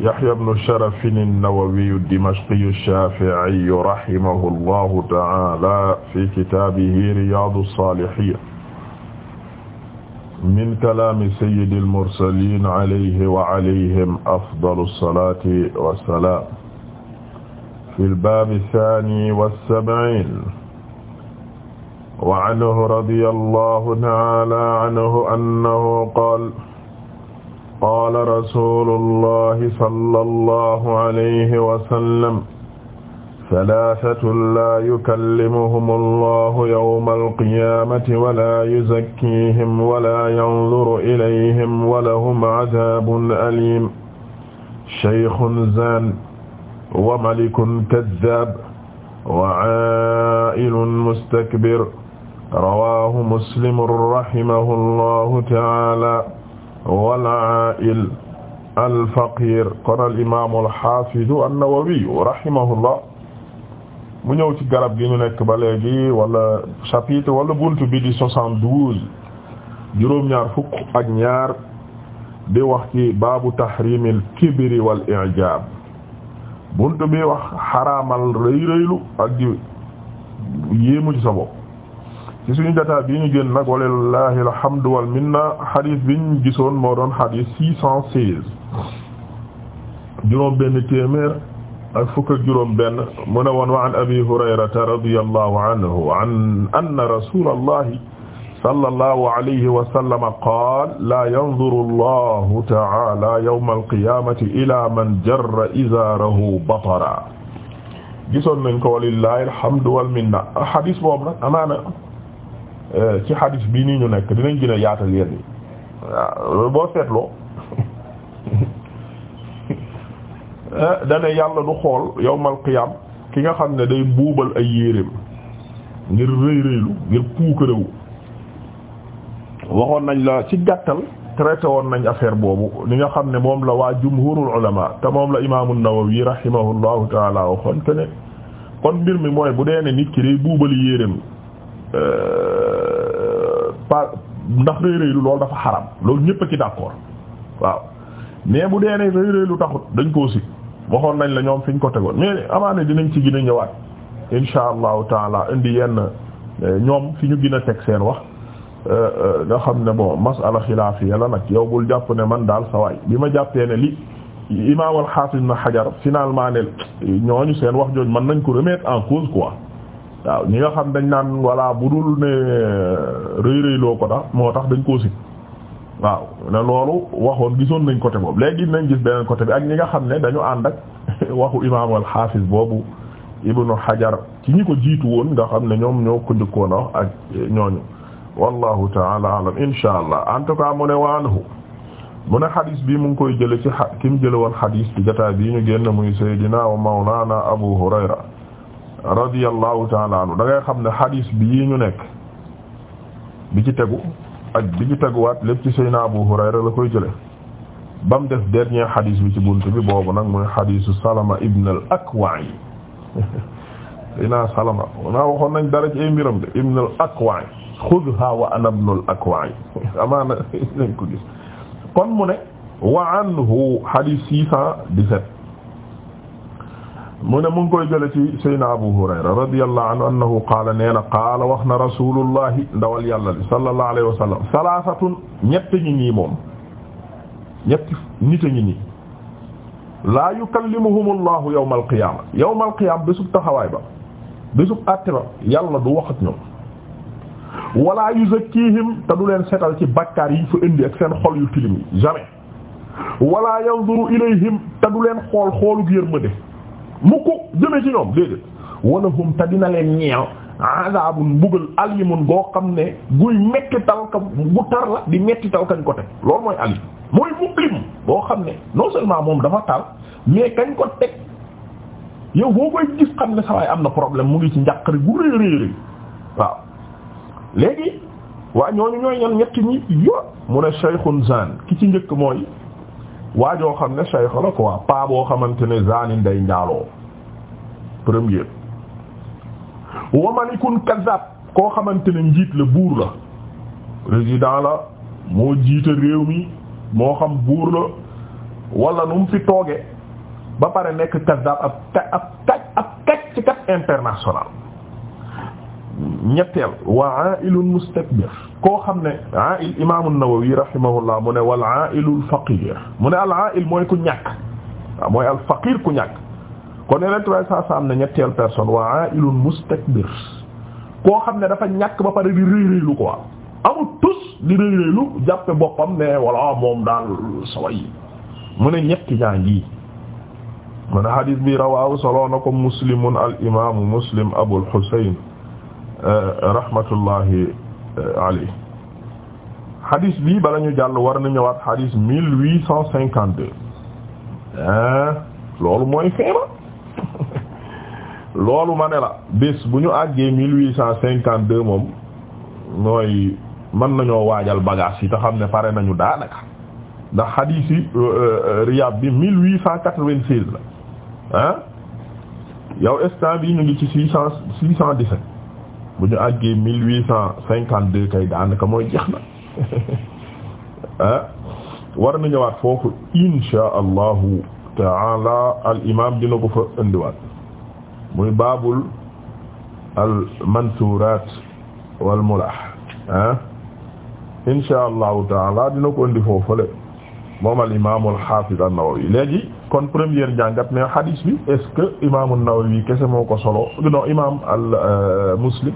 Yahya ibn Sharaf an-Nawawi ad-Dimashqi ash-Shafi'i rahimahu llahu ta'ala fi kitaabihi Riyaadu s-Saalihiin min kalaami sayyidi al-mursaliin alayhi wa alayhim afdalu s-salaati wa s-salaam fi l-baabi ath-thaani wa s-sab'iin wa anhu radiya llahu ta'ala anhu annahu qaala qaala rasuulullahi sallallahu alayhi wa sallam salaasatul laa yukallimuhumu allahu yawmal qiyaamati wala yuzakkiihim wala yanzuru ilayhim wa lahum azaabun aliim shaykhun zaan wa malikun kazzaab wa caa'ilun mustakbir rawaahu muslimun rahimahu allahu ta'aala wal-aa'il al-faqiir kon al-imaam al-haafiz an-Nawawi rahimahullah mu ñëw ci garab gi ñu nekk ba léegi wala chapitre wala buntu bi di soixante-douze juróom-ñaar fukk ak ñaar di wax ci baabu tahriimil kibri wal i'jaab buntu bi wax xaraamal rëy rëylu ak di yéemu ci sa bopp ci suñu jotaay bi ñu génn nag walillahi alhamdu wal minna hadith biñ gisoon moo doon hadith six cent seize juróom benn téeméer ak fukk ak juróom benn mu ne woon wa an abi hurayrata radiyallahu anhu an anna rasulallahi sallallahu alayhi wa sallam qaala laa yanzuru allahu ta'ala yawma alqiyamati ila man jarra izaarahu batara gisoon nañ ko walillahi alhamdu wal minna hadith boobu nag amaana Euh, ci xadis bii ni ñu nekk dinañ gën a yaatal yenn yi waaw loolu boo seetloo euh, dane yàlla du xool yowmal qiyam ki nga xam ne day buubal ay yéreem ngir rëy rëylu ngir puukarewu waxoon nañ la ci gàttal traité woon nañ affaire boobu li nga xam ne moom la waa jumhurul ulama te moom la imaamu Nawawi rahimahullahu taala waxoon kon mbir mi mooy bu dee ne nit ki day buubal yéreem euh, pa ndax rëy lu loolu dafa xaram loolu ñëpp a ci d'accord waaw mais bu dee ne rëy rëylu taxut dañ koo si waxoon nañ la ñoom fi ñu ko tegoon mais amaane dinañ ci gën a ñëwaat insha allahu taala indi yenn eh, ñoom fi ñu gën a teg seen wax eh, eh, nga xam ne bon masala xilaafiya la nag yow bul jàpp ne man daal sawaay bi ma jàppee ne li imaam al-Hafiz Ibn Hajar finalement ne ñooñu seen wax jooju man nañ ko remettre en cause quoi waaw ñi nga xam dañ naan walla bu dul ne rëy rëy loo ko tax moo tax dañ koo si waaw ne loolu waxoon gisoon nañ côté boobu léegi nañ gis beneen côté bi ak ñi nga xam ne dañu ànd ak waxu imaam al-Hafiz boobu Ibnu xajar ci ñi ko jiitu woon nga xam ne ñoom ñoo ko njëkkoon ak ñooñu wallahu taala alam insha allah en mu ne waanhu mu ne xadis bi mu ngi koy jële ci a ki mu jële woon xadis bi jotaay bii ñu génn muy Seydina wa Mawlana Abu Hurayra radiyallahu taala anhu da ngay xam ne xadiis bi yi ñu nekk bi ci tegu ak bi ci teguwaat lépp ci Seydina Abu Hurayra la koy jële ba mu def dernier xadiis bi ci bunt bi boobu nag mooy xadiisu Salama ibn al-Akwa' Seydina Salama naa waxoon nañ dara ci ay mbiram de ibn al-Akwa' xudha wa ana ibn al amaana nañ ko gis kon mu ne wa anhu xadiis six cent dix mu ne mu ngi koy ci Seydina Abu Hurayra radiyallahu anhu annahu qaala nee na qaala wax na rasulullahi ndawal yàlla li sallallahu alayhi wa sallam salaasatun ñett ñi ñii moom ñetti nit a ñi ñii laa yukallimuhum allahu yawma alqiyaama yawma alqiyaama bésub taxawaay ba bésub àtte ba du wax ak ñoom wala yuzakkihim te du leen setal ci bakkaar yi fa indi ak seen xol yu tilim yi jamais wala yanzuru leen xool xoolug yërmande mukk jëme ci ñoom déedéet walahum te dina leen ñeel azabun mbugal alimun goo xam ne guy metti talka bu tar la di metti tal kañ ko teg loolu mooy alim mooy muklim boo xam ne non seulement moom dafa tar mais kañ ko teg yow boo koy gis xam ne sawaay am na problème mu ngi ci njàqare gu rëy rëy waaw léegi waa ñooñu ñooy ñan ñetti ñi yo mu ne shaykhun zan ki ci njëkk mooy waajoo xam ne shaykh la quoi paa boo xamante ne zanin day njaaloo premier wamanikun kazab koo xamante ne njiit la buur la président la moo jiita réew mi moo xam buur la wala nu mu fi tooge ba pare nekk kazab ab ka ab kaj ab kaj ci kat international ñetteel wa ailun mustakbir koo xam ne aa'il imaam an-Nawawi rahimahullah mu ne wal aa'ilul faqiir mu ne al aa'il mooy ku ñàkk mooy al faqiir ku ñàkk kon yeneen tubaab saa saa am na ñetteel personne wa aa'ilun mustakbir koo xam ne dafa ñàkk ba pare di rëy rëylu ko amul tus di rëy rëylu jàppe boppam ne walla moom daal sawa yi ñetti ñaa ngi mu bi rawaahu soloo na al imaamu muslim Abul Husayn eh, rahmatullahi Euh, ali xadis bii bala ñu jàll war na ñëwaat xadis mille huit cent cinquante loolu mooy feeba loolu ma ne la bés bu ñu àggee mille huit cent cinquante moom mooy mën nañoo waajal bagage yi te xam ne pare nañu daanaka ndax xadis yi euh, euh, bi mille huit cent quatre vingt seize la hein yow instant bi ñu ngi ci six cent six cent dix-sept bu ñu àggee mille huit cent cinquante deux kay mooy jeex na ah war na ñëwaat foofu insha allahu taala al imam dina ko fa indiwaat muy baabul al mansuuraat wal mulah ah insha allahu taala dina ko indi foofule moom al imam al hafiz an-Nawawi léegi kon première jàngat mais hadith bi est que imam an-Nawawi kese moo ko solo non imam al euh, muslim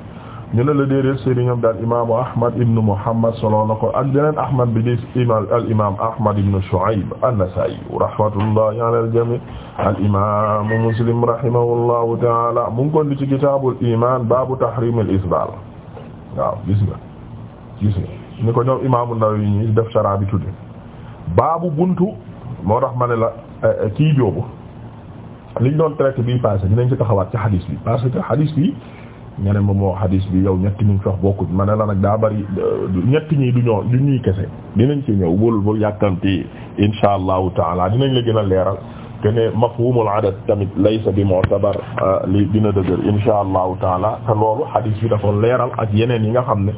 ñu ne la déedéet sëriñam daal imaamu ahmad ibnu muhammad solo na ko ak beneen ahmad bi di imaam al imaam ahmad ibnu shu'ayb an-nasaa'i rahmatullahi ala al-jamii' al imaamu muslim rahimahullahu ta'ala mu ko indi ci kitaabul iimaan baabu tahriim al-isbaal waaw gis nga gis nga ni ko ñoom imaamu Nawawi ñi def sharab bi tudde baabu buntu moo tax ma ne la eh, eh, kii joobu liñ doon traité bii passé dinañ ci taxawaat ci hadis bi parce que hadis bi. nga ma moo xadis bi yow ñetti ñu wax bokkuñ ma ne la nag daa bari euh, ñetti ñi du ñoo du ñuy kese dinañ ci ñëw wul bul yàkkanti insha allahu taala dinañ la gën a leeral te ne mafhumul adad tamit laysa bi mu'tabar euh, li dina dëgër insha allahu taala te loolu xadis bi dafa leeral ak yeneen yi nga xam ne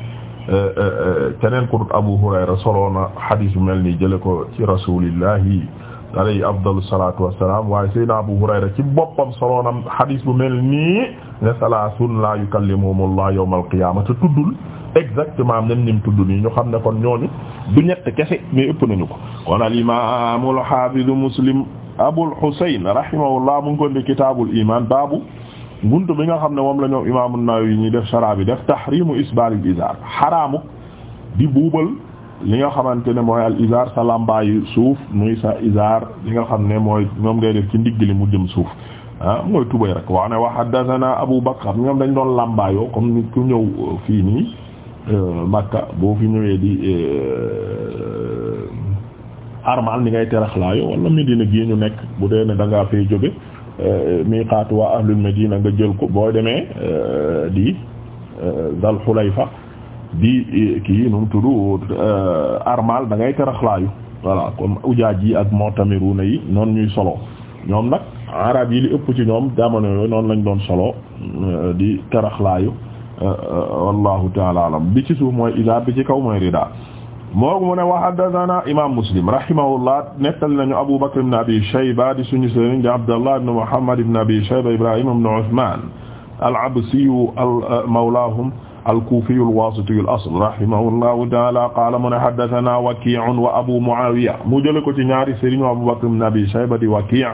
euh, keneen ku dut Abu Hurayra soloona xadis bi mel ni jële ko ci rasulillahi alayhi afdalu salatu wassalam waaye sayyidina Abu Hurayra ci boppam soloonam hadis bu mel nii ne salaasun la yukallimuhumullah yawmal qiyaama te tuddul exactement même ni mu tudd nii ñu xam ne kon ñooñu du ñett kese mais ëpp nañu ko kon al imaamu al haafizu Muslim Abul Husayn rahimahullah mu ngi ko ndi kitaabul iman baabu buntu bi nga xam ne moom la ñoom imaamu Nawawi ñuy def sharaabi def tahriimu isbaalil izaar xaraamu di buubal li nga xamante ne mooy al izar sa lambaayu suuf muy sa izar li nga xam ne mooy moom ngay def ci ndigg li mu jëm suuf ah mooy tubay rek wax ne wa haddathana Abu Bakr ñoom dañ doon lambaayoo comme ni ku ñëw euh, fii nii euh, Makka boo fi ñëwee di euh, armal ni ngay teraxlaayo wala Medina gii ñu nekk bu dee ne da ngaa fay jóge miqaatu waa ahlul Medina nga jël ko boo demee di Dal Xulayfa di eh, kii nu mu tudd eh, armal da ngay teraxlaayu voilà comme ujaaj yi ak mu'tamiruna yi noonu ñuy solo ñoom nag arab yi li ëpp ci ñoom jamono yooyu noonu lañ doon solo eh, di teraxlaayu wallahu taala alam bi ci suuf mooy ida bi ci kaw mooy rida moo mu ne wa haddathana imam muslim rahimahullah nettal nañu abu bakr ibn abi shayba di suñu sëriñ di abdallah ibn muhammad ibn abi shayba ibrahim ibn uthman al-absi mawlahum al-Kuufiyu al-Waasitiyu al-asl rahimahullahu ta'aala qaala mu ne haddathanaa Wakii'un wa Abu Mu'aawiya mu jëlee ko ci ñaari sëriñ Abu Bakr ibn Abi Shayba di Wakii'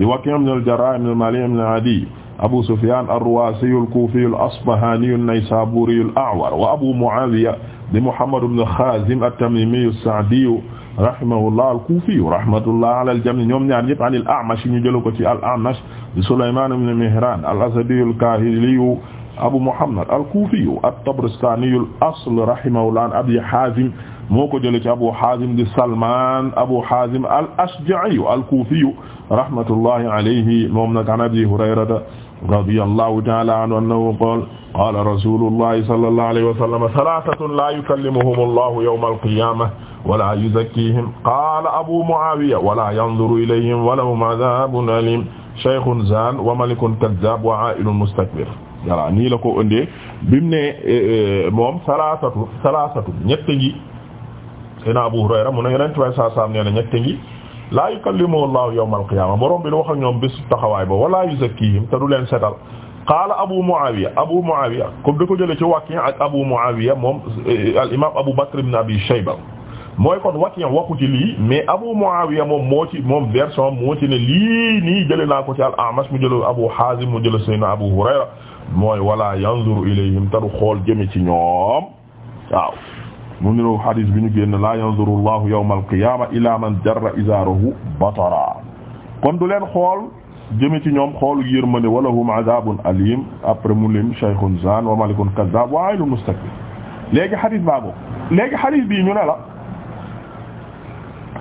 di Wakii' ibn al-Jarraah ibn al-Malii'i ibn Adiy Abu Sufyaan ar-Ruwaasiyu al-Kuufiyu al-Asbahaaniyu an-Naysaabuuriyu al-A'war wa Abu Mu'aawiya di Muhammad ibn Khaazim at-Tamiimiyu as-Sa'diyu rahimahullah al-Kuufiyu rahmatullah ala al-jamii' ñoom ñaar ñëpp an al-A'mash ñu jëlee ko ci al-A'mash di Sulaymaan ibn Mihraan al-Asadiyu al-Kaahiliyu Abu Muhammad al-Kufi at-Tabaristani al-asl rahimahullah an Abi Hazim moo ko jëlee ci Abu Hazim di Salman Abu Hazim al-Ashja'i al-Kufi rahmatullahi alayhi moom nag an Abi Hurayrata radiyallahu ta'ala anhu annahu qala qala rasulullahi sallallahu alayhi wa sallam thalathatun la yukallimuhum Allahu yawma al-qiyamah wa la yuzakkihim qala Abu Muawiya wa la yanzuru ilayhim wa lahum adhabun alim shaykhun zan wa malikun kadhdhab wa 'a'ilun mustakbir voilà nii la ko ëndee bimu ne eh, eh, moom salaasatu salaasatu ñett ngi sayna Abu Hurayra mu ne yonent way saa saam nee na ñett ngi laa yukallimu Allahu yawmal qiyaama borom bi du wax ak ñoom bés taxawaay ba wala yuzakkihim te du leen setal qaala Abu Muawiya Abu Muawiya comme da ko jëlee ci Waki' ak Abu Muawiya moom eh, al imaam Abu Bakr ibn Abi Shayba mooy kon Waki' waxu ci lii mais Abu Muawiya moom moo ci moom version moo ci ne lii nii jëlee naa ko ci al A'mash mu jëlee Abu Haazim mu jëlee sayna Abu Hurayra mooy wala yanzuru ilayhim taru xool jëme ci ñoom waaw mu niroo hadis bi ñu génn la yanzuru allahu yawma alqiyama ila man jarra izarahu batara kon du leen xool jëme ci ñoom xoolu yërmande wa lahum azabun alim après mu lim shaykhun zan wa malikun kazzab wa ailun mustakbir léegi hadis baago léegi hadis bi ñu ne la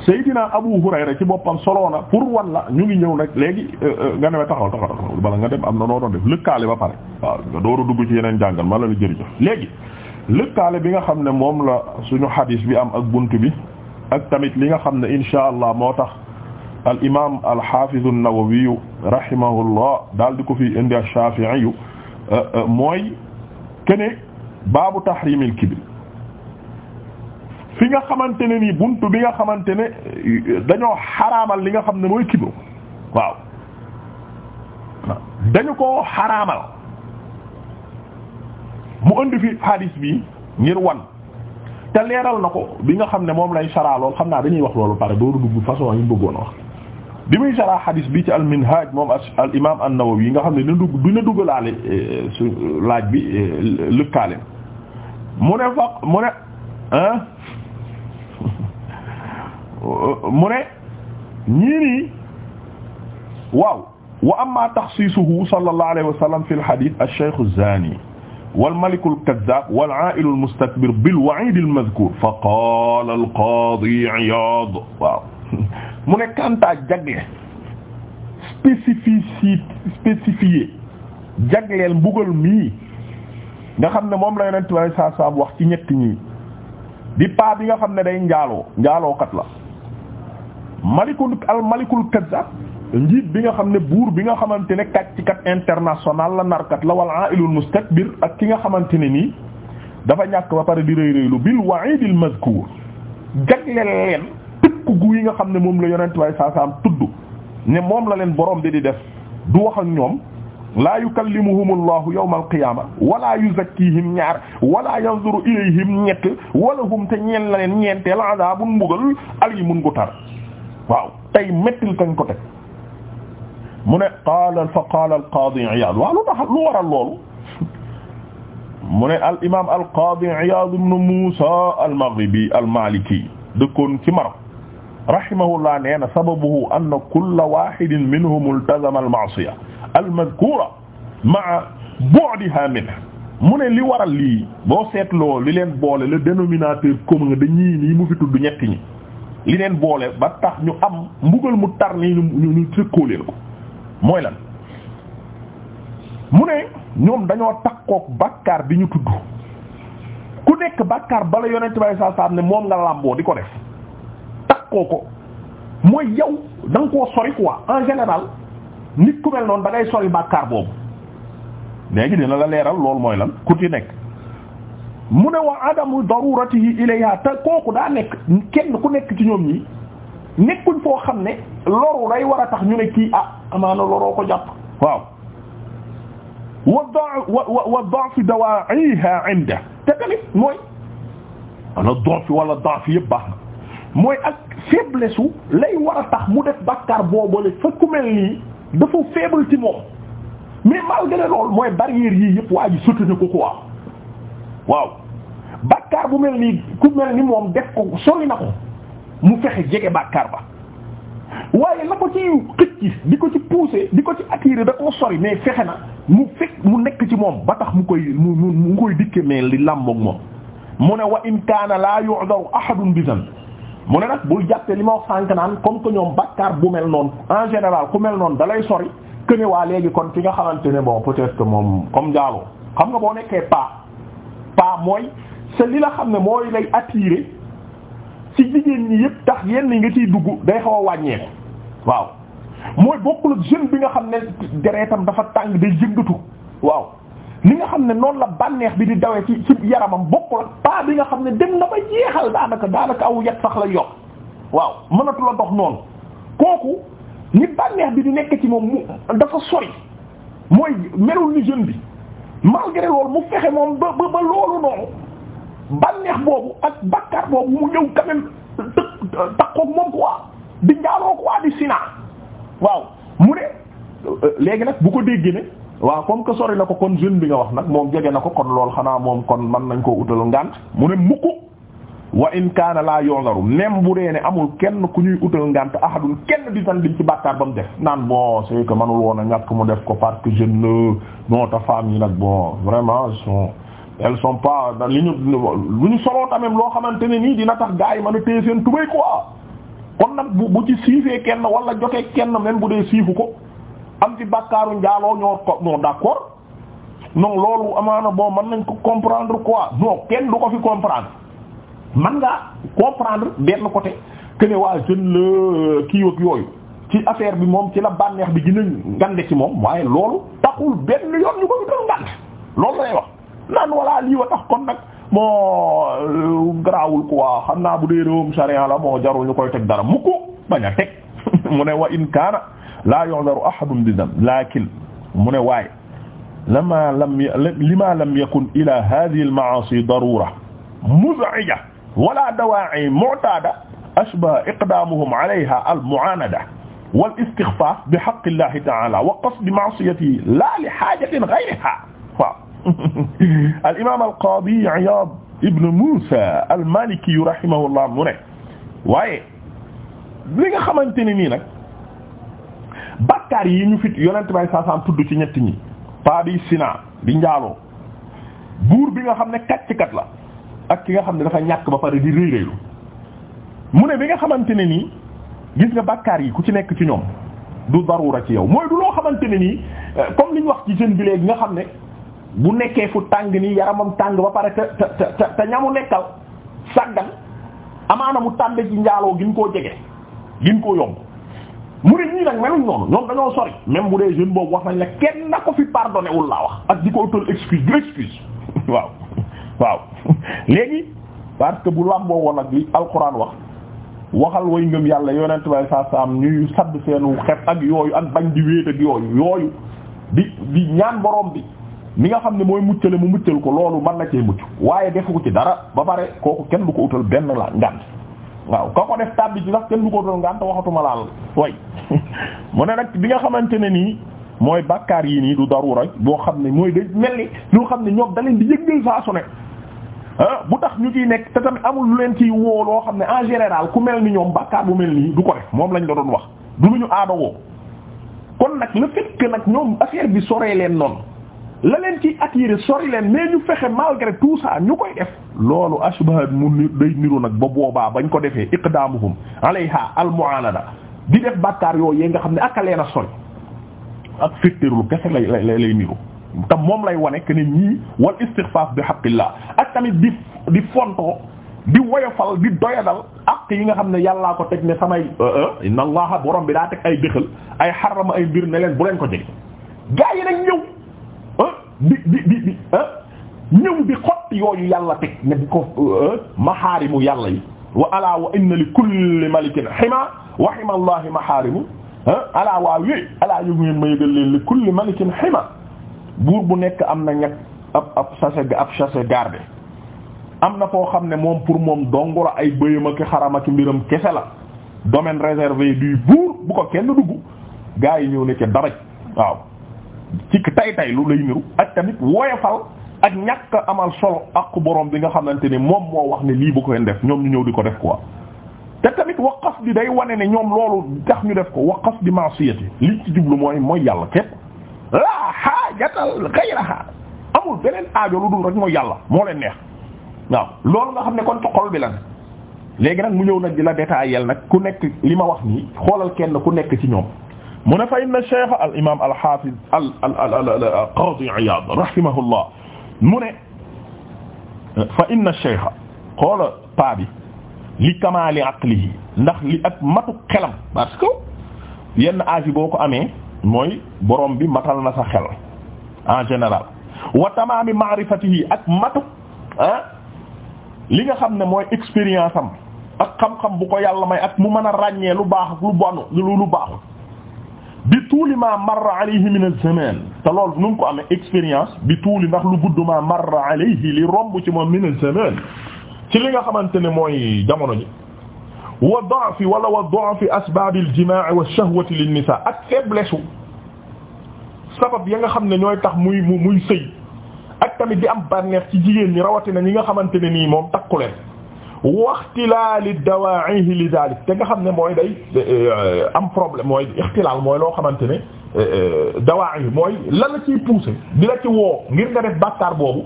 Seydina Abu Hurayra ci boppam solo na pour wan la ñu ngi ñëw nag léegi euh, euh, nga newee taxawal taxawal taxawal bala nga dem am na doon def lëkkaale ba pare a dugg ci yeneen jàngal ma la la jërëjëf léegi lëkkaale bi nga xam ne moom la suñu xadiis bi am ak bunt bi ak tamit li nga xam ne insha allah moo tax al imaam al xaafiz an-Nawawi rahimahullah daal di ko fi indi al Shaafi'i euh, mooy kene baabu tahriimil kibr li nga xamante ne nii buntu bi nga xamante ne dañoo xaraamal li nga xam ne mooy kibru waaw dañu ko xaraamal mu indi fi hadis bi ngir wan te leeral na ko bi nga xam ne moom lay saraa lool xam naa dañuy wax loolu pare dooru dugg façon yi mu bëggoon wax bi muy saraa hadis bi ci al minhaj moom al imam an-Nawawi yi nga xam ne dina dugg dina duggalaale eh, su laaj bi eh, lëkkaale mu ne fa mu ne ah mu ne ñii nii waaw wa amma taxsiisuhu sallallahu alayhi wa sallam fi al-hadith ash-shaykh az-zani wal-malik al-kadhdhab wal-aa'il al-mustakbir bil-wa'iid al-madhkuur fa qaala al-qaadi Iyaad waaw mu ne kantaa jagle spécifici spécifié jagleel mbugal mii nga xam ne moom la yonent bi saa saa wax ci ñett ñi di paa bi nga xam ne day njaaloo njaalookat la malikul al malikul kadza njiit bi nga xam ne buur bi nga xamante ne kàcc kat international la narkat la wal ailul mustakbir ak ki nga xamante ne nii dafa ñàkk ba pare di rëy rëylu bil wa'idil mazkur jagleel leen tëkku gu yi nga xam ne moom la yonent way saasaam tudd ne moom la leen borom bi di def du wax ak ñoom laa yukallimuhum allahu yawma alqiyama wala yuzakkihim ñaar wala yanzuru ilayhim ñett wala hum te ñeen la leen ñeenteel adabun mbugal alimun gu tar waaw tey mettil kañ ko teg mu ne qaala fa qaala al qaadi Iyaad waaw lu tax lu waral loolu mu ne al imaam al qaadi Iyaad ibn Muusaa al Maghribi al Maaliki dëkkoon ci Maroc rahimahullah nee na sababuhu anna kulla waahidin minhum iltazama al ma'siya al madhkuura ma'a bu'dihaa minhu mu ne li waral lii boo seetloo li leen boole le dénominateur commun dañuy nii mu fi tudd ñetti ñi. li leen boole ba tax ñu am mbugal mu tar nii ñu ñu tëkkoo leen ko mooy lan mu ne ñoom dañoo takkook bàkkaar bi ñu tudd ku nekk bàkkaar bala yonent bay saa saa ne moom nga làmboo di ko def takkoo ko mooy yow da nga koo sori quoi en général nit ku mel noonu da ngay sori bàkkaar boobu léegi dina la leeral loolu mooy lan ku ci nekk mu ne wa adamu daruratihi ilayha te kooku daa nekk kenn ku nekk ci ñoom ñi nekkuñ foo xam ne loru day war a tax ñu ne kii ah amaana loroo ko jàpp waaw wa wa wa da'fi dawa'iha 'inda te tamit mooy wala da'fi yëpp ak faiblesse u lay war tax mu def bàkkaar boobale ci moom mais malgré loolu mooy barrière yii yëpp waa ji sotti bàkkaar bu mel nii ku mel ni moom def ko sori na ko mu fexe jege bàkkaar ba waaye la ko ci xëcc di ko ci pousser di ko ci attirer da koo sori mais fexe na mu fekk mu nekk ci moom ba tax mu koy mu mu koy dikke mais li làmboog moom mu ne wa in kaana laa yu'daru ahadun bi mu ne nag bul jàppee li ma wax sànk naan comme que ñoom bàkkaar bu mel noon en général ku mel noonu dalay sori que waa léegi kon fi nga xamante ne bon peut-être moom comme jaaloo xam nga boo nekkee pas pas mooy c'est li la xam ne mooy lay attirer ci jigéen ñi yëpp tax yenn nga ciy dugg day xaw a wàññeeku waaw mooy bokkul ak jeune bi nga xam ne deretam dafa tàng day yëngatu waaw li nga xam ne noonu la bànneex bi di dawee ci ci yaramam bokkul ak pas bi nga xam ne dem na ba jeexal daanaka daanaka aw yat sax la yokk waaw mënatu la dox noonu kooku ni bànneex bi di nekk ci moom mu dafa sori mooy melul ni jeune bi malgré loolu mu fexe moom ba ba ba loolu noonu. bànneex boobu ak bàkkaar boobu mu ñëw quand même takkoog moom quoi di njaaloo quoi di sina waaw mu ne léegi nag bu ko déggee ne waaw comme que sori la ko kon jeune bi nga wax nag moom jege na ko kon lool xanaa moom kon mën nañ koo utalu ngànt mu ne mukk wa in kaana laa yongaru même bu dee ne amul kenn ku ñuy utal ngànt ahadun kenn di tan liñ ci bàkkaar ba mu def naan boo c'est ko manul woon a ñàkk mu def ko parce que jeune la noo ta yi nag boo vraiment son elles sont pas li ñu lu ñu soloo tamit loo xamante ne nii dina tax gars yi mën a téye seen tubay quoi kon nag bu bu ci siifee kenn walla jotee kenn même bu dee siifu ko am ci bàkkaaru njaaloo ñoo ko ñoo d'accord non loolu amaana boo mën nañ ko comprendre quoi non kenn du ko fi comprendre man nga comprendre benn côté que waa jeune la euh, kii ak yooyu ci affaire bi moom ci la bànneex bi gën a ngande ci moom waaye loolu taxul benn yoon ñu ko fi doon ngand loolu lay wax naan walla lii wa tax kon nag moo euh, garaawul quoi xam naa bu dee réewum sharia la moo jarul ñu koy teg dara mu ko bañ a teg mu ne wa in kaana laa yu'daru ahadun bi dam lakin mu ne waaye lama lam lima lam yakun ila hadhihi al ma'asi darura muz'ija wala dawa'i mu'tada ashbaha iqdamuhum alayha al mu'anada wal istighfar bi haqqi llahi ta'ala wa qasdi ma'siyatihi la li hajatin ghayriha waaw al imaam al qaadi Iyaad ibn Muusa al Maliki rahimahullah mu ne waaye li nga xamante ne nii nag bakkaar yi ñu fit yonent bay saasaam tudd ci ñett ñi pas di sina di njaaloo buur bi nga xam ne kàcckat la ak ki nga xam ne dafa ñàkk ba pare di rëy rëylu mu ne bi nga xamante ne nii gis nga bakkaar yi ku ci nekk ci ñoom du darura ci yow mooy du loo xamante ne nii comme liñ wax ci jeune bi léegi nga xam ne bu nekkee fu tàng nii yaramam tàng ba pare te te te te ñamu nekkal sàggan amaana mu tàmbe ci njaaloo gin koo jege gin koo yomb mu ne ñii nag meluñ noonu ñoom dañoo sori même bu dee jeune boobu wax nañ la kenn na ko fi pardonné wul laa wax ak di ko utal excuse du excuse waaw waaw léegi parce que bu làmboo woon ak li alxuraan wax waxal way ngëm yàlla yonent bay saa saam ñuy sadd seenu xef ak yooyu ak bañ di wéet ak yooyu yooyu di di ñaan boroom bi mi nga xam ne mooy muccale mu muccal ko loolu mën na cee mucc waaye defu ko ci dara ba pare kooku kenn du ko utal benn la ngant waaw ka ko def tàbbi ci sax kenn du ko utal ngant waxatuma laal way mu ne nag bi nga xamante ne nii mooy bàkkaar yii nii du darura boo xam ne mooy day mel ni ñoo xam ne ñoom da leen di yëggal saa su ah bu tax ñu ciy nekk te tamit amul lu leen ciy woo loo xam ne en général ku mel ni ñoom bàkkaar bu mel nii du ko def moom lañ la doon wax du lu ñu nag le fait que bi soree leen noonu la leen ci attiré sori leen mais ñu fexe malgré tout ça ñu koy def loolu ashbah mu day niru nag ba boobaa bañ ko defee iqdamuhum alayha almuanada di def bàkkaar yooyu yee nga xam ne aka leen a sori ak féttéerlu kese lay lay lay niru te moom lay wane que ne ñii wal istighfaf bi haqqillah ak tamit di di fontoo di woyofal di doyadal ak yi nga xam ne yàllaa ko teg ne samay euh, euh, inna allaha borom bi daa teg ay déxal ay xarama ay mbir ne leen bu leen ko jege gaa di di di ah, ñëw di xott yooyu yàlla teg ne di ko ah, maxaarimu yàlla yi wa alaa wa inna li kulli malikin xima wa xima allahi maxaarimu ah, alaa waa alaa yëg ngeen ma yëgal leen li kulli malikin xima buur bu nekk am na ñag ab ab chasse ab am na foo xam ne moom pour moom dongula ay bëyam ak xaram ak mbiram kese la domaine réservé du buur bu ko kenn dugg gaa yi ñëw ne ke dabaj waaw ci tay tay lu lay niru ak tamit woyofal ak ñàkk amal solo ak borom bi nga xamante ne moom moo wax ne lii bu ko def ñoom ñu ñëw di ko def quoi. te tamit waqaf di day wane ne ñoom loolu tax ñu def ko waqaf di maasiyati liñ ci jublu mooy mooy yàlla képp laa xaajatal xayraha amul beneen aajo lu dul rek mooy yàlla moo leen neex waaw loolu nga xam ne kon ci xol bi la ne léegi nag mu ñëw nag di la détaillé nag ku nekk li ma wax nii xoolal kenn ku nekk ci ñoom. mu ne fa inna cheikh al imam al hafiz al qadi Iyad rahimahullah mu ne fa inna cheikh xoola paa bi li kamaali aqlihi ndax li ak matu xelam parce que yenn âge yi boo ko amee mooy borom bi matal na sa xel en général wa tamaami ma'rifatihi ak matu ah, li nga xam ne mooy expérience am ak xam-xam bu ko yàlla may ak mu mën a ràññee lu baax lu bon baaxul bi tuuli ma marra alayhi min az-zaman te loolu nu ngi ko amee expérience bi tuuli ndax lu gudd ma marra alayhi li romb ci moom min az-zaman ci li nga xamante ne mooy jamono ji wa da'fi wala wa da'fi asbab al-jima' wa ash-shahwati lin-nisa ak faiblesse sabab ya nga xam ne ñooy tax muy muy sëy ak tamit di am bànneex ci jigéen ñi rawatina ñi nga xamante ne nii moom takkuleen waxtilaali dawaa'ihi li daalik te nga xam ne mooy day eh, am problème mooy ixtilaal mooy loo xamante ne eh, eh, dawaa'ihi mooy la la ciy pousser di la ci woo ngir nga def boobu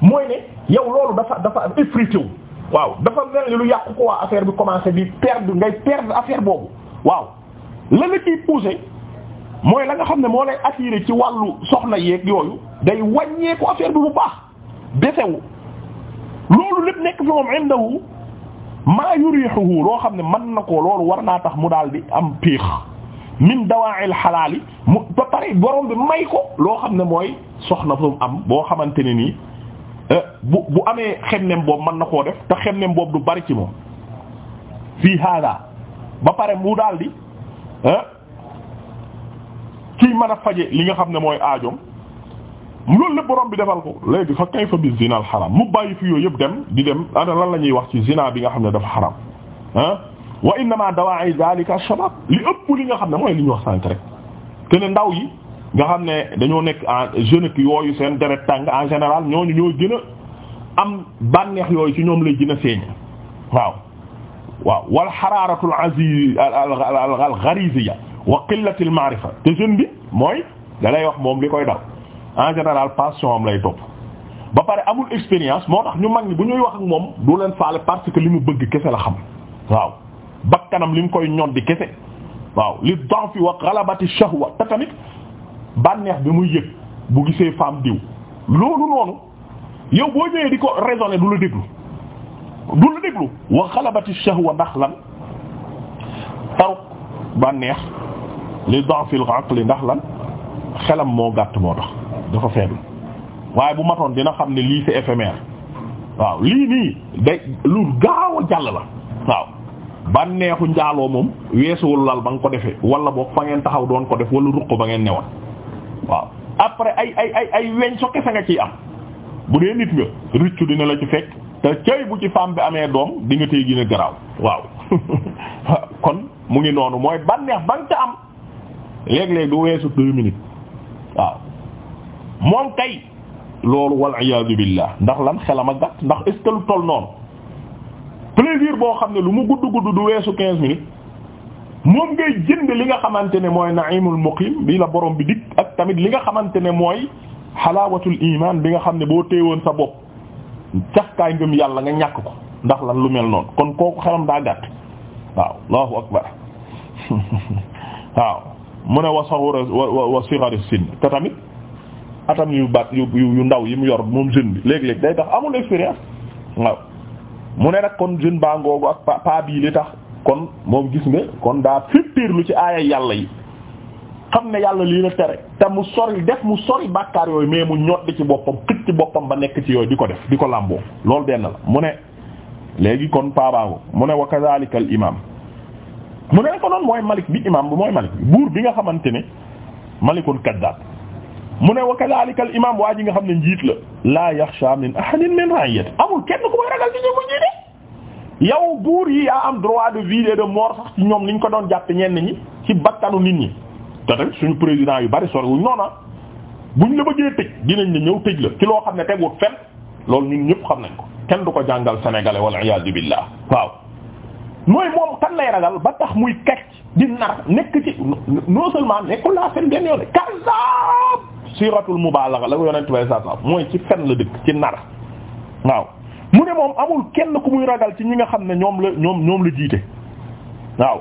mooy ne yow loolu dafa dafa effrité wu waaw dafa mel lu yàqu ko waa affaire bi commencé di perdre ngay perdre affaire boobu waaw la la ciy pousser mooy la nga xam ne moo lay attirer ci wàllu soxna yeeg yooyu day wàññeeku affaire bi bu baax desewu loolu lépp nekk fi moom indahu maa yurihuhu loo xam ne mën na ko loolu war naa tax mu daal di am piix min dawaa'il xalaali mu ba pare borom bi may ko loo xam ne mooy soxna fu am boo xamante ne nii eh, bu bu amee xemnem boobu mën na koo def te nem boobu du bari ci moom fii hada ba pare mu daal di ah eh, kii mën a faje li nga xam ne mooy aajoom loolu lépp borom bi defal ko léegi fa kayfa bi zina al xaram mu bàyyi fi yooyu yëpp dem di dem ana lan la ñuy wax ci zina bi nga xam ne dafa xaram ah wa innama dawa'i zalika shabab li ëpp li nga xam ne mooy li ñu wax sànq rek te ndaw yi nga xam ne dañoo nekk en jeune yooyu seen deret tàng en général ñooñu ñoo gën a am bànneex yooyu ci ñoom lay gën a feeñ waaw waaw wal xararatul aziz al ghariziya wa qillatil ma'rifa te jeune bi mooy da wax moom li koy daw en général passion am lay topp ba pare amul expérience moo tax ñu mag ñi bu ñuy wax ak moom du leen faale parce que li mu bëgg kese la xam waaw bakkanam li mu koy ñoddi kese waaw li don wax wa xalabati shahwa te bànneex bi muy yëg bu gisee femme diw loolu noonu yow boo ñëwee di ko raisonner du la déglu du la déglu wa xalabati shahwa ndax lan taruk bànneex li don fil aqli ndax lan xelam moo gàtt moo tax dafa faible waaye bu matoon dina xam ne lii c'est éphémère waaw lii nii day lu gaaw a jàll la waaw bànneexu njaaloo moom weesuwul lal ba nga ko defee walla boog fa ngeen taxaw doon ko def wala ruq ba ngeen newoon waaw après ay ay ay ay weñ so kese nga ciy am bu dee nit nga rëccu dina la ci fekk te cëy bu ci femme bi amee doom di nga tey gën a garaaw waaw kon mu ngi noonu mooy bànneex ba nga ca am léeg-léeg du weesu deux waaw moom kay loolu wal iyaadu billah ndax lan xelam a gàtt ndax est-ce lu toll noonu plaisir boo xam ne lu mu gudd gudd du weesu quinze minutes moom ngay jënd li nga xamante ne mooy na muqim bi la borom bi dikk ak tamit li nga xamante ne mooy xalaawatul bi nga xam ne boo téewoon sa bopp cafkaay ngëm yàlla nga ñàkk ko ndax lan lu mel noonu kon kooku xelam daa gàtt waaw allahu akbar waaw mu ne wa wa wa sinn te tamit atam yu bat yu yu ndaw yi mu yor moom jeune bi léegi léeg day tax amul expérience waaw mu ne nag kon jeune baa ngoogu ak pa pa bii li tax kon moom gis nga kon daa féttéerlu ci aaya yàlla yi xam ne yàlla lii la tere te mu sori def mu sori bàkkaar yooyu mais mu ñoddi ci boppam xëj ci boppam ba nekk ci yooyu di ko def di ko làmboo loolu benn la mu ne léegi kon pabango mu ne wa kadhalika al mu ne ko noonu mooy malik bi imam bi mooy malik bi buur bi nga xamante ne malikun kaddaab mu ne wa kadhalika al imam waa ji nga xam ne njiit la laa yaxsha min ahadin min ra'iyati amul kenn ku koy ragal ci ñu ko jiite yow buur yi yaa am droit de vie et de mort sax ci ñoom niñ ko doon jàpp ñenn ñi ci bakkanu nit ñi te tamit suñu président yu bari sore wuñ noona ah. buñ la bëggee tëj dinañ la ñëw tëj la ci loo xam ne teguut fen loolu ñun ñëpp xam nañ ko kenn du ko jàngal sénégalais wal iyaazu billah waaw mooy moom kan lay ragal ba tax muy kacc di nekk ci non seulement nekkul laa fen benn yoon siratul mubalagha la ko yonent bay saa saa mooy ci fen la dëkk ci nar waaw mu ne moom amul kenn ku muy ragal ci ñi nga xam ne ñoom la ñoom ñoom la jiite waaw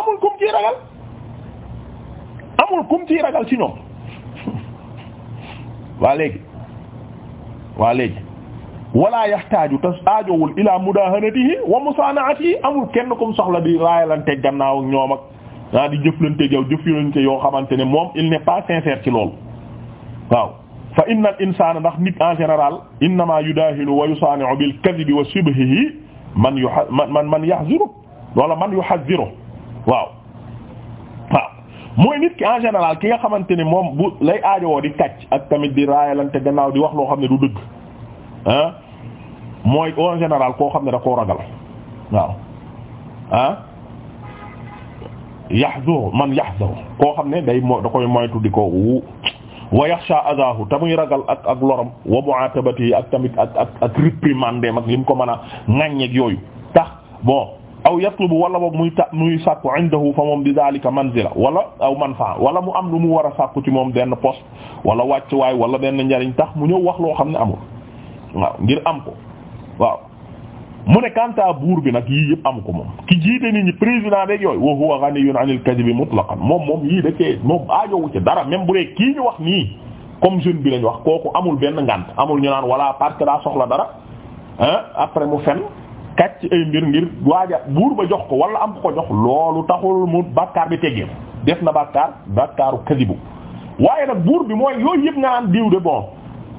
amul kum ciy ragal amul kum ciy ragal ci ñoom waa léegi waa léegi wala yaxtaaju te aajowul ila mudahanatihi wa yi amul kenn kum soxla di raayalante gannaaw ak ñoom ak ah di jëflante yow jëflante yoo xamante ne moom il n'est pas sincère ci loolu waaw fa inna al insana ndax nit en général innama yudahilu wa yusani'u bil kadhibi wa shibhihi man yu man man yahziru wala man yuhadhiru waaw waaw mooy nit ki en général ki nga xamante ne moom bu lay aajowoo di kàcc ak tamit di raayalante gannaaw di wax loo xam ne du dëgg ah mooy en général koo xam ne da koo ragal waaw ah yaxdur man yaxdur koo xam ne day mo da koy moytu di ko wu wa yaxsha adahu te muy ragal ak ak loram wa mu'atabati ak tamit ak ak ak réprimande ak lim ko mën a ŋàññeeg yooyu tax bon aw yatlubu wala boobu muy ta muy sàkku indahu fa moom di dalika manzila wala aw manfaa wala mu am lu mu war a sàkku moom benn poste wala wàcc waay wala benn njariñ tax mu ñëw wax loo xam ne amul waaw ngir am ko waaw mu ne kanta buur bi nag yii yëpp amu ko moom ki jiite nit ñi président beeg yooyu wa huwa ghaniyun anil kadhibi mutlaqan moom moom yii da cee moom aajowu ci dara même bu dee kii ñu wax nii comme jeune bi lañ wax kooku amul benn ngant amul ñu naan wala parce que daa soxla dara ah après mu fen kàcc ay mbir ngir waaja buur ba jox ko wala am ko jox loolu taxul mu bàkkaar bi teggee def na bàkkaar bàkkaaru kadhibu waaye nag buur bi mooy yooyu yëpp nga naan diw de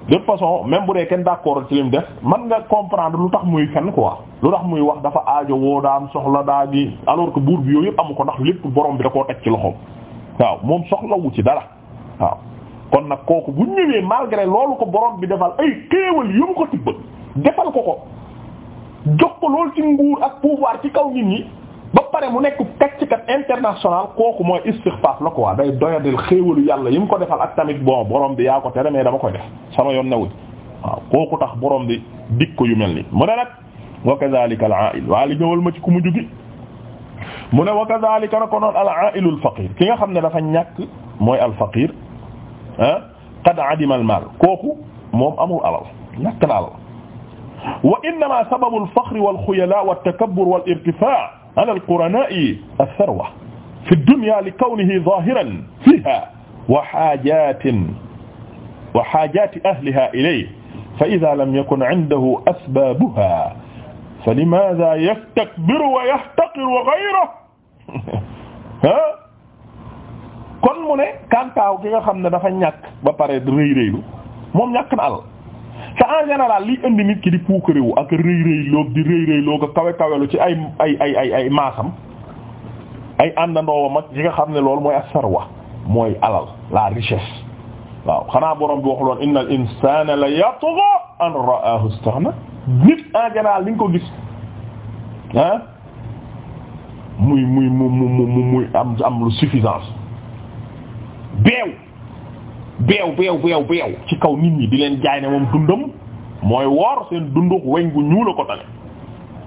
de façon même bu dee kenn d'accord ci lim def man nga comprendre lu tax muy fen wax lu tax muy wax dafa aajo woo daan soxla daa gi alors que buur bi yooyu yëpp amu ko ndax lépp borom bi da koo teg ci loxoom waaw moom soxlawu ci dara waaw kon nag kooku bu ñëwee malgré loolu ko borom bi defal ay xéewal yu mu ko tibb defal ko ko jox ko loolu ci nguur ak pouvoir ci kaw nit ñi ba pare mu nekk kàcckat international kooku mooy istixfaaf la quoi day doyadel xéewalu yàlla yi mu ko defal ak tamit bon borom bi yaa ko tere mais dama koy def sama yoon newuñ waaw kooku tax borom bi dik ko yu mel nii mu ne nag wa kadhalika al aa'il waa li ñëwal ma ci ku mu jugi mu ne wa kadhalika na ko noon al aa'ilu al faqir ki nga xam ne dafa ñàkk mooy al faqir ah qad adima al mal kooku moom amul alal ñàkk na alal wa innama sababu al faxri wal xuyala wat takabbur wal irtifaa' ala al-qurana'i ath-tharwa fi ad-dunya li kawnihi zahiran fiha wa hajatin wa hajati ahliha ilayhi fa idha lam yakun 'indahu asbabuha fa limadha yastakbiru wa yahtaqiru ghayrahu ah kon mu ne kantaaw gi nga xam ne dafa ñàkk ba pare rëy rëylu moom ñàkk na alal te en général liy indi nit ki di puukarewu ak rëy rëy loog di rëy rëy loog ak kawe ci ay ay ay ay ay maasam ay àndandoowam ak yi nga xam ne loolu mooy as-sarwa mooy alal la richesse waaw xanaa borom bi waxuloon innal insana la yatgha an ra'ahu istaghna nit en général li nga ko gis muy muy mu mu muy am am lu suffisance beew beew beew beew beew ci kaw nit ñi di leen jaay ne moom dundam mooy woor seen dundu weñ gu ñuul a ko tane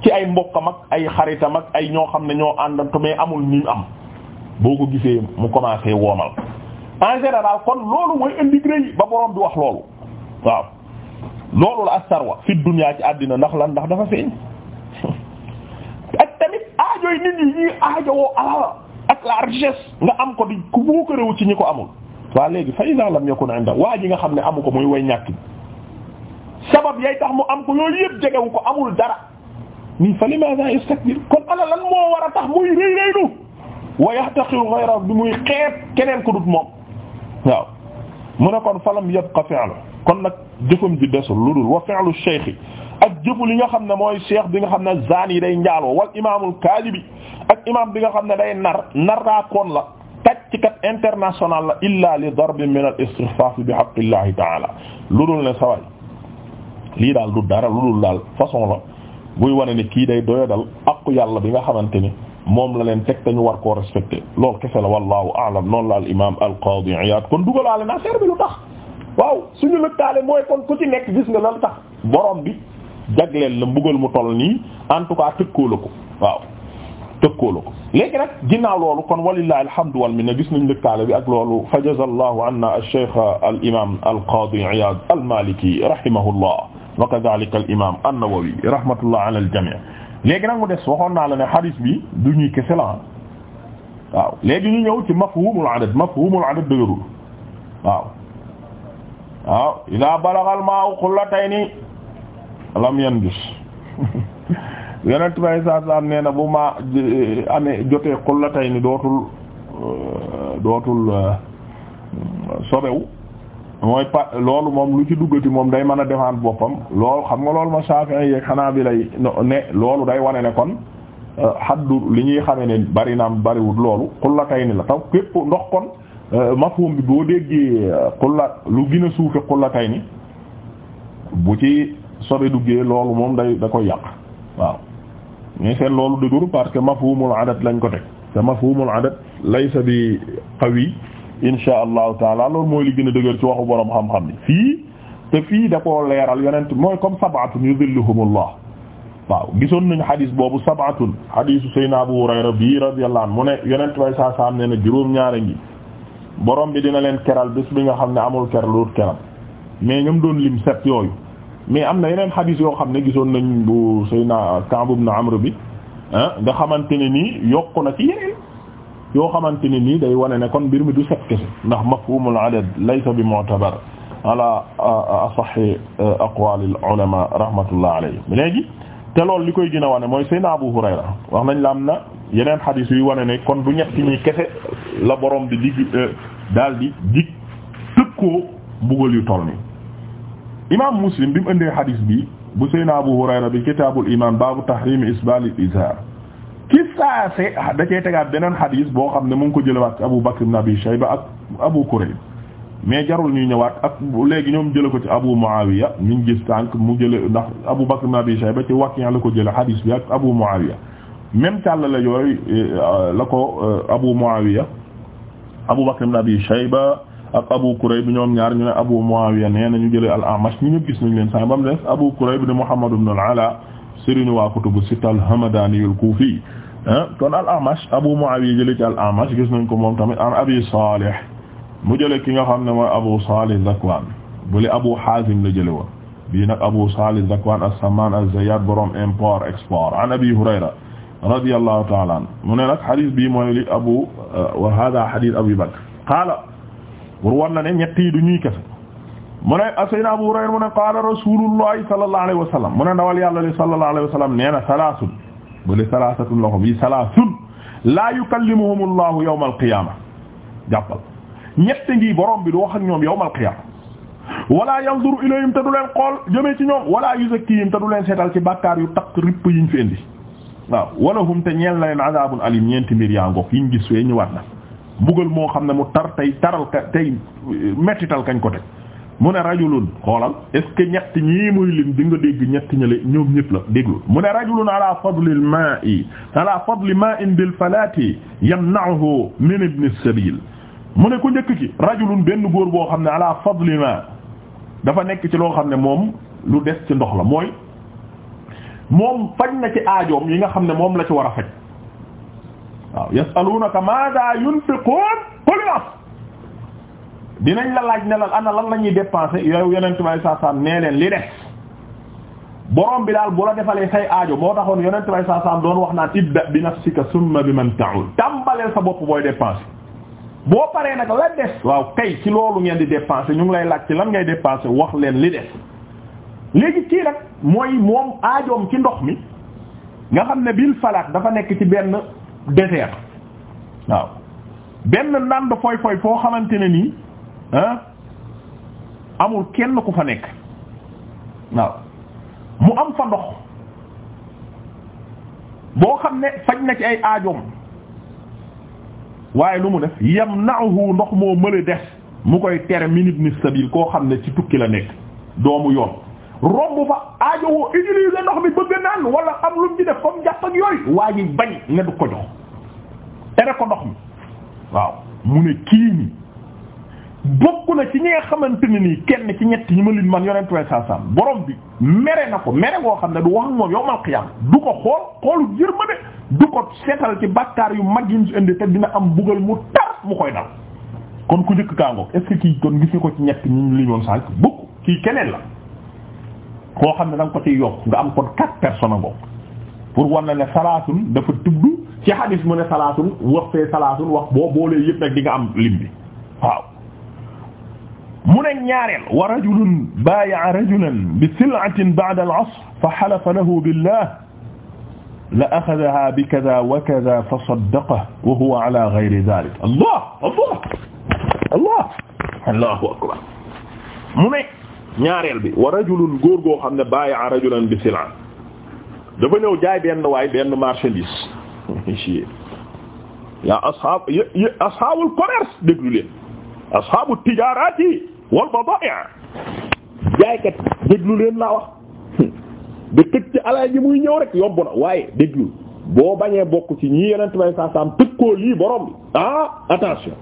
ci ay mbokkam ak ay xaritam ak ay ñoo xam ne ñoo àndantu mais amul ñu am boo ko gisee mu commencé woomal en général kon loolu mooy wax loolu waaw loolu la asarwa fi ci àddina ndax lan ndax dafa feeñ ak tamit aajo yi nit ñi ñuy aajowoo alal ak la richesse nga am ko di ku boo ko ci ñi ko amul waa léegi fa iza lam yakun inda ji nga xam ne amu ko muy way ñàkk sabab yay tax mu am ko yooyu yëpp jegewu ko amul dara nii fa limaza yastakbir kon ala lan moo war a tax muy rëy rëylu wa yahtaqiru ghayra bi muy xeeb keneen ku dut moom waaw mu ne kon falam yabqa fi'lu kon nag jëfam ji desul lu dul wa fi'lu shaykh ak jëfu li nga xam ne mooy cheikh bi nga xam ne zaan yi day njaaloo wal imaamul kaadibi ak bi nga xam ne day na naraakoon la tàcckat international la illa li darbin min al bi bi haqqillahi taala lu dul ne saway lii daal du dara lu dul daal façon la buy wane ne kii day doyadal aqu yàlla bi nga xamante ni moom la leen teg te ñu war koo respecté loolu kese la wallahu a'lam noonu la al imam i qadi Iyad kon dugalaale naa seer bi lu tax waaw suñu lëkkaale mooy kon ku nekk gis nga la tax borom bi jagleel la bugal mu toll nii en tout cas tëkkoo ko tëkkoolu ko léegi nag ginnaaw loolu kon walillahi alhamdu wal minna gis nañ lëkkaale bi ak loolu fa jazallahu anna ash-shaykh al imam al qadi iyad al maliki rahimahullah wa kadhalika al imam an-nawawi rahmatullah ala al jami' léegi nag mu des waxoon naa la ne hadith bi du ñuy kese la ah. waaw léegi ñu ñëw ci mafhumul adad mafhumul adad dëgërul waaw waaw ila balagal ma'u qullatayni lam yanjus yonent bay saasaam nee na bu ma eh, amee jotee xullatay ni dootul eh, dootul eh, sobewu mooy pa loolu moom lu ci duggati moom day mën a defaan boppam loolu xam nga loolu ma Shafi'i yeeg xanaa bi lay ne loolu day wane ne kon xaddu li ñuy xame ne bari naam bariwul loolu xullatay ni la taw képp ndox kon mafhum bi boo déggee xulla lu gën a suufe ni bu ci sobe duggee loolu moom day da koy yàq waaw mais seen loolu dëgëru parce que mafhumul adat lañ ko teg te mafhumul adat laysa bi qawi insha allahu taala loolu mooy li gën a dëgër ci waxu borom xam-xam ni fii te fii da koo leeral yonent mooy comme sabatun yuzilluhumullah waaw gisoon nañu xadis boobu sabaatu xadisu sayna Abu Hurayra bi radiyallahu anhu mu ne yonent bay saa saam ne na juróom-ñaara ngi borom bi dina leen keral bés bi nga xam ne amul ker lu dul keral mais ñoom doon lim set yooyu mais am na yeneen xadiis yoo xam ne gisoon nañ bu Seydina Ka'b ibn Amr bi ah, nga xamante ne nii yokk na ci yoo xamante ne nii day wane ne kon mbir mi du set kese ndax mafhumul adad laysa bi mu'tabar ala asahi aqwalil ulama rahmatullah alayhi léegi te loolu li koy gën a wane mooy Seydina Abu Hurayra wax nañ la am na yeneen xadiis yuy wane ne kon du ñetti ñi kese la borom di dig euh, daal di dig tëkkoo yu toll nii imaam muslim bi mu indee xadis bi bu sayna abu hurayra bi kitaabul iman baabu tahrimi isbalil izar ci saase da cee tegaat beneen xadis boo xam ne mu ngi ko jëlewaat ci abu bakr ibn abi shayba ak abu kurayb mais jarul ñuy ñëwaat ak léegi ñoom jële ko ci abu muawiya ñu ngi gis tànk mu jële ndax abu bakr ibn abi shayba ci wàqi la ko jële xadis bi ak abu muawiya même càll la yooyu euh, la ko euh, abu muawiya abu bakr ibn abi shayba ak Abu Kurayb ñoom ñaar ñu ne Abu Muawiya nee na ñu jëlee al-Amash ñu ñëpp gis nañ leen sax ba mu des Abu Kurayb ne Muhammad ibn al-Ala sëriñ waa kutubu sitta al-Hamadani al-Kufi ah, kon al-Amash Abu Muawiya jëlee ci al-Amash gis nañ ko moom tamit an Abi Salih mu jëlee ki nga xam ne mooy Abu Salih Zakwan bële Abu Hazim la jëlee woon bii nag Abu Salih Zakwan as-Samman az-Zayyat borom import export an Abi Hurayra radiyallahu ta'ala anhu mu ne nag hadith bii mooy li Abu wa hadha hadith Abi Bakr qala pour wan la ne ñett yi du ñuy kese mu ne asayna Abu Hurayra mu ne qaala rasulullahi sallallahu alayhi wa sallam ndawal yàlla li sallallahu alayhi wa sallam nee na salaasun bale salaasatun loxo bi salaasun laa yukallimuhum allahu yawma alqiyama jàppal ñett ngi borom bi du wax ak ñoom yawma alqiyama wala yanzuru ilayhim te du leen xool jëmee ci ñoom wala yuzakkihim te du leen seetal ci bàkkaar yu taq ripp yiñ fi indi wala hum te ñeel na leen azabun alim ñeenti mbir yaa ngoog yiñ gis fee ñëwaat na mbugal moo xam ne mu tar tey taral ka tey mettital kañ ko teg mu ne rajulun xoolal est ce que ñett ñii muy lim di nga dégg ñett ñale ñoom ñëpp la déglu mu ne rajulun ala fadli al ma'i ala fadli ma'in bil falati yamna'uhu min ibn as-sabil mu ne ku njëkk ki rajulun benn góor boo xam ne ala fadli ma dafa nekk ci loo xam ne moom lu des ci ndox la mooy moom faj na ci aajoom yi nga xam ne moom la ci war a faj waaw yasalunaka maada yunfiqun qul dinañ la laaj ne la ana lan la ñuy dépenser yooyu yonent bi saa saam nee leen li des borom bi daal bu la defalee say aajo moo taxoon yonent bi saa saam doon wax naan ibda bi nafsika summa bi man ta'ul tàmbaleel sa bopp booy dépenser boo paree nag la des waaw kay ci loolu ngeen di dépenser ñu ngi lay laaj ci lan ngay dépenser wax leen li des léegi kii nag mooy moom aajoom ci ndox mi nga xam ne bil falak dafa nekk ci benn désert waaw benn ndànd foy foy foo xamante ne nii ah, amul kenn ku fa nekk waaw mu am fa ndox boo xam ne faj na ci ay aajoom waaye lu mu def yamna'uhu ndox moo mële des mu koy tere min ibn sabil koo xam ne ci tukki la nekk doomu yoon romb fa aajowoo utiliser ndox mi bëgg naan wala am lu mu ci def comme jàpp ak yooyu waa ji bañ nga du ko jox tere ko ndox mi waaw mu ne kii nii bokk na ci ñi nga xamante ne nii kenn ci ñett ñi ma lim man yonent way saa saam borom bi mere na ko mere ngoo xam ne du wax moom yowmal qiyaam du ko xool xoolu yërmande du ko seetal ci bakkaar yu mag yi ñu indi te dina am bugal mu tar mu koy dal kon ku njëkk kaangoog est kon gis ko ci ñett ñu limoon saa bokk kii keneen la koo xam ne da nga ko ciy yokk nga am kon quatre personnes a bokk pour war na ne salaatun dafa tudd ci xadis mu ne salaasun wax fee salaasun wax boo boolee yëpp nag di nga am lim bi waaw mu ne ñaareel wa rajulun baaya'a rajulan bi sil'atin ba'da al-'asr fa halafa lahu billah la axadaha bi kaza wa kaza fa saddaqahu wa huwa ala ghayri dhalik allah allah allah allahu akbar mu ne ñaareel bi wa rajulun góor goo xam ne baaya'a rajulan bi sil'atin dafa ñëw jaay benn waay benn marchandise yaa ashaab ya ashaabul commerce déglu leen ashaabut tijaaraat yi wal badaa'i' jaaykat déglu leen laa wax da tëj ci alal ji muy ñëw rek yobbu na waaye déglu boo bañee bokk ci ñii yeneen may saa saam tëj koo lii borom bi ah attention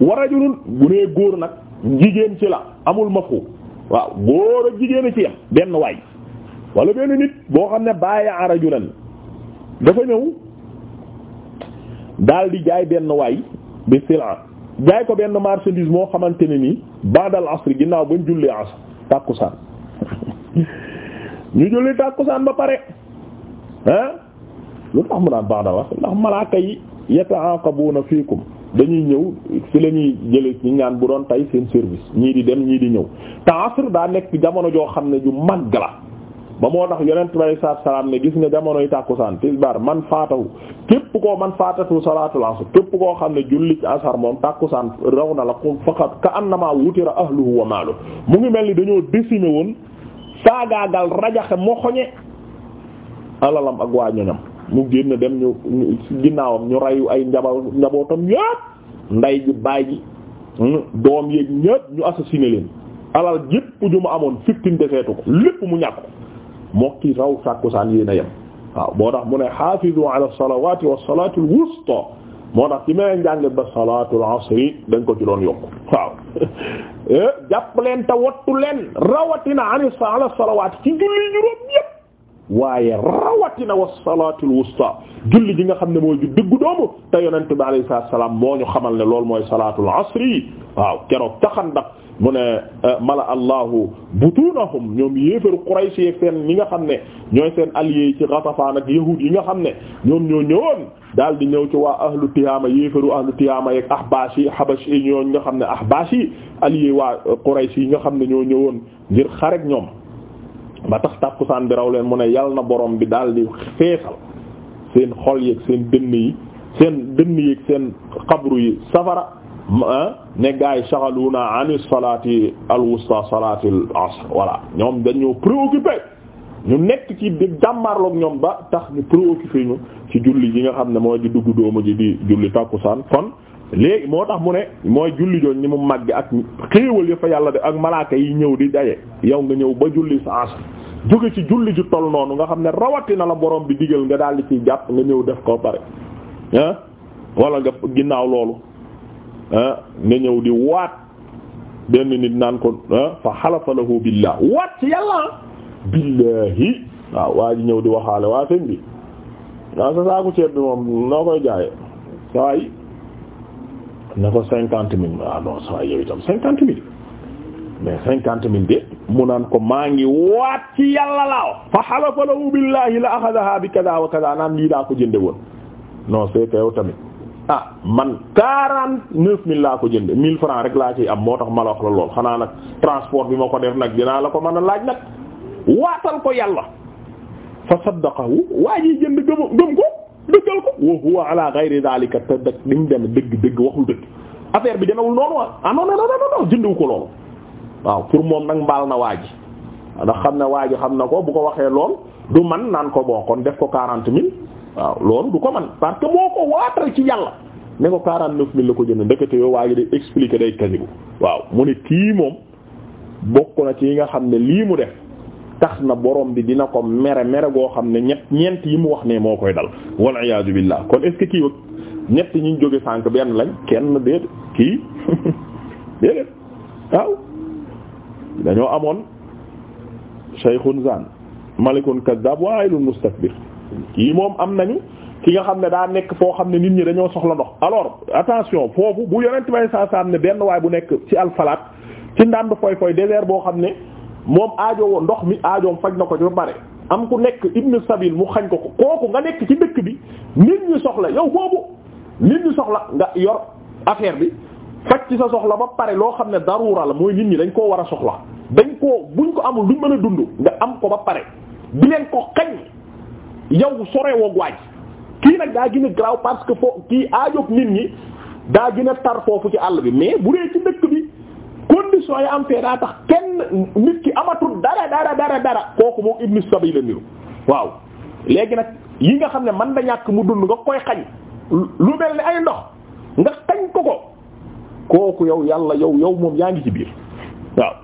wa rajulun bu nee góor nag jigéen ci la amul ma foofu waaw góor a jigéen a ci yam benn waay wala benn nit boo xam ne bàyyi rajulan dafa ñëw daal di jaay benn waay bi sila jaay ko benn marchandise moo xamante ne nii baadal asri ginnaaw bañ julli asr tàkkusaan ñu julli tàkkusaan ba pare ah lu tax mu naan baadal asri ndax malaaka yi yata'aqabuna fiikum dañuy ñëw fi lañuy ñuy jële ñu ñaan bu doon tay seen service ñii di dem ñii di ñëw te asr daa nekk jamono joo xam ne ju màgg la ba moo tax yonent bi alayhi salaatu salaam ne gis nga jamonoy tàkkusaan tisbaar man faatahu képp koo man faatatu salaatul asr képp koo xam ne julli ci asar moom tàkkusaan raw na la ko faqat ka annama wutira ahluhu wa maalu mu ngi mel ni dañoo décimer woon saagaagal rajaxe moo xoñe alalam ak waa ñoñam mu génn dem ñu ginnaawam ñu reyu ay njabootam njabootam yépp nday ji baay ji hmm, doom yéeg ñépp ñu assassiné leen alal yépp ju mu amoon fifteen deseetu ko lépp mu ñàkk moo ki raw tàkkusaan yéen a yem moo tax mu ne hafizu ala salawati wa salatu al moo tax ki meneen njànget ba salaatul asri dañ ko ci doon yokk waaw eh, jàpp leen te wattu leen rawatina ala salawaat ci julli juróom yépp waaye rawatina wa salaatul wusta julli ji nga xam ne mooy ju diggu doomu te yonent bi alayhi salaatu salaam moo ñu xamal ne loolu mooy salaatul asri waaw keroog ta Xandaq mu ne eh, mala allahu butunahum ñoom yéeféru Quraysh yeeg seen ñi nga xam ne ñooy seen alliés yi yi nga xam ne ñoom ñoo ñëwoon daal di ñëw ci waa ahlu Tihaama yéeféru ahlu Tihaama yeeg Ahbash yi Habash yi ñooñ nga xam ne Ahbash yi alliés waa Quraysh yi nga xam ne ñoo ñëwoon ngir xarek ñoom ba tax tàkkusaan bi raw leen mu ne yal na borom bi daal di feesal seen xol yeeg seen dënn yi seen dënn yeeg seen xabru yi safara ah, ne gaay saxaluna anis salaati alwusta salaati al-asr voilà ñoom dañoo préoccupé ñu nekk ci di jàmmarloog ñoom ba tax ñu préoccupé ñu ci julli yi nga xam ne mooy di dugg doomu ji di julli tàkkusaan kon léegi moo tax mu ne mooy julli jooñ ni mu màgg ak xéewal ya fa yàlla de ak malaaka yi ñëw di daje yow nga ñëw ba julli sa jóge ci julli ju toll noonu nga xam ne rawatina la borom bi digal nga daal di ciy jàpp nga ñëw def ko pare ah wala nga ginnaaw loolu ah nga ñëw di waat benn nit naan ko ah fa xalafa lahu waat yàlla ah. billahi waaw waa ji ñëw di waxaale waa sa saaku ceeb bi moom noo koy jaayee saa yi ne ko cinquante mille ah non ça yow itam cinquante mais cinquante mille de mu naan ko maa ngi waat ci yàlla laaw fa halafa lahu billahi la axadaha bi kada wa kada naan lii daa ko jënde woon non c'est que yow tamit ah man quarante neuf mille laa ko jënde mille francs rek laa ci am moo tax ma la wax la lool xanaa nag transport bi ma ko def nag dinaa la ko mën a laaj nag waatal ko yàlla fa saddaqahu waa ji jënd gëm gëm ko dëggal ko wa huwa ala ghayri dhalika te dëgg li mu demee dëgg dëgg waxul dëgg affaire bi demewul noonu ah non non non non jëndiwu ko loolu waaw pour moom nag mbaal na waa ji ndax xam ne waa ji xam na ko bu ko waxee lool du man naan ko bon kon def ko quarante mille waaw loolu du ko man parce que moo ko waatal ci yàlla ne ko quarante neuf mille la ko jënd ndekete yoo waa ji day expliquer day kasibu waaw mu ne kii moom bokk na ci yi nga xam ne lii mu def. tax na boroom bi dina ko mere mere goo xam ne ñett ñeent yi mu wax ne moo koy dal wal iyaadu billah kon est ce kii wag ñett ñi ñu jóge sànk benn lañ kenn déet kii déedéet waaw dañoo amoon shaykhun zan malikun kazzab wa aylun mustakbir kii moom am nañu ki nga xam ne daa nekk foo xam ne nit ñi dañoo soxla ndox alors attention foofu bu yonent bay saa ne benn waay bu nekk ci alfalaat ci ndànd foy foy désert boo xam ne moom aajo ndox mi aajoom faj na ko ci ba pare am ku nekk ibnu sabil mu xañ ko ko kooku nga nekk ci dëkk bi nit ñi soxla yow boobu nit ñi soxla nga yor affaire bi faj ci sa soxla ba pare loo xam ne daruura la mooy nit ñi dañ koo war a soxla dañ koo buñ ko amul duñ mën a dund nga am ko ba pare di leen ko xañ yow sore woog waaj kii nag daa gën a parce que foo kii aajoog nit ñi daa gën a tar foofu ci àll bi mais bu dee ci dëkk bi conditions yi am fee daa tax kenn nit ki amatul dara dara dara kooku moom ibnu sabil la niru waaw léegi nag yi nga xam ne man da ñàkk mu dund nga koy xañ lu mel ni ay ndox nga xañ ko ko kooku yow yàlla yow yow moom yaa ngi ci biir waaw